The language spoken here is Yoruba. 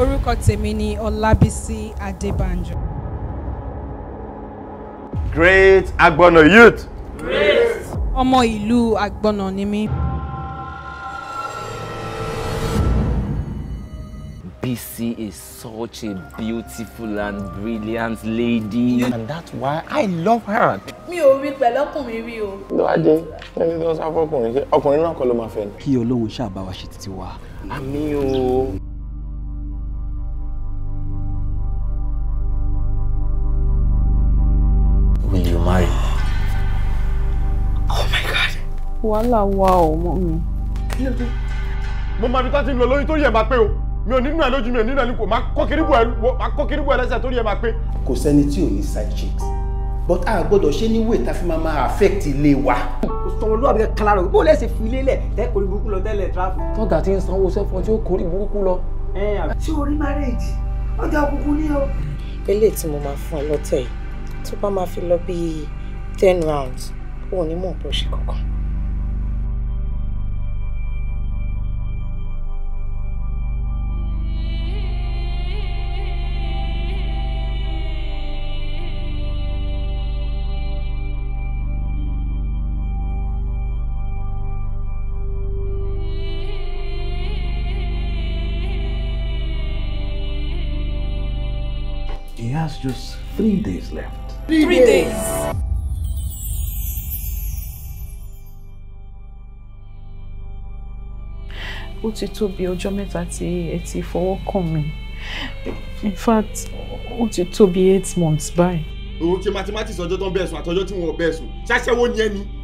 orúkọ tèmi ni Ọlábísí Adébánjọ. Great Agbọ́nà youth. Great. Ọmọ ìlú Agbọ́nà ni mí. BC is such a beautiful and brilliant lady. And that's why I love her. Mi ò rí pẹ̀lú ọkùnrin rí o. Lọ́wájú, ẹni tó ń sá fọkùnrin ṣe ọkùnrin náà kọ́ ló máa fẹ́ ni. Kí Ọlọ́run ṣàbáwá ṣe títí wa. Àmín o. wàhálà wa ò mọ mi. mo máa fi tátí ń lọ lóyún tó yẹ máa pé o mi ò nínú ẹ lójú mi ò nínú ẹ ní kò máa kọ́ kiri bù ẹ máa kọ́ kiri bù ẹ lẹ́sẹ̀ tó yẹ máa pé. kò sẹ́ni tí ò ní side chicks but a gbọ́dọ̀ ṣe ní wèé tá fi máa máa affect ilé wa. sọ̀rọ̀ ló àbí kala rẹ̀ bó lẹ́sẹ̀ fi lélẹ̀ tẹ́ kórè burúkú lọ tẹ́lẹ̀ tráfù. tọ́gà ti ń sanwó sẹ́fún tí ó kórè burúkú lọ. ṣé orí márèèjì ọjà òkùnkùn ni o. eléyìí tí mo máa fún ọ lọ́tẹ̀ yìí tó bá máa fi lọ bíi ten rounds òun ní mọ̀ bó ṣe kankan. He has just three days left. Three, three days. days. ó ti tó bí ọjọ́ mẹ́ta tí ẹ ti fọwọ́ kàn mí in fact ó ti tó bí eight months báyìí. òun ṣe mathematics ọjọ́ tó ń bẹ̀sùn àtọjọ́ tí wọ́n bẹ̀sùn ṣáṣẹ́wó ni ẹni.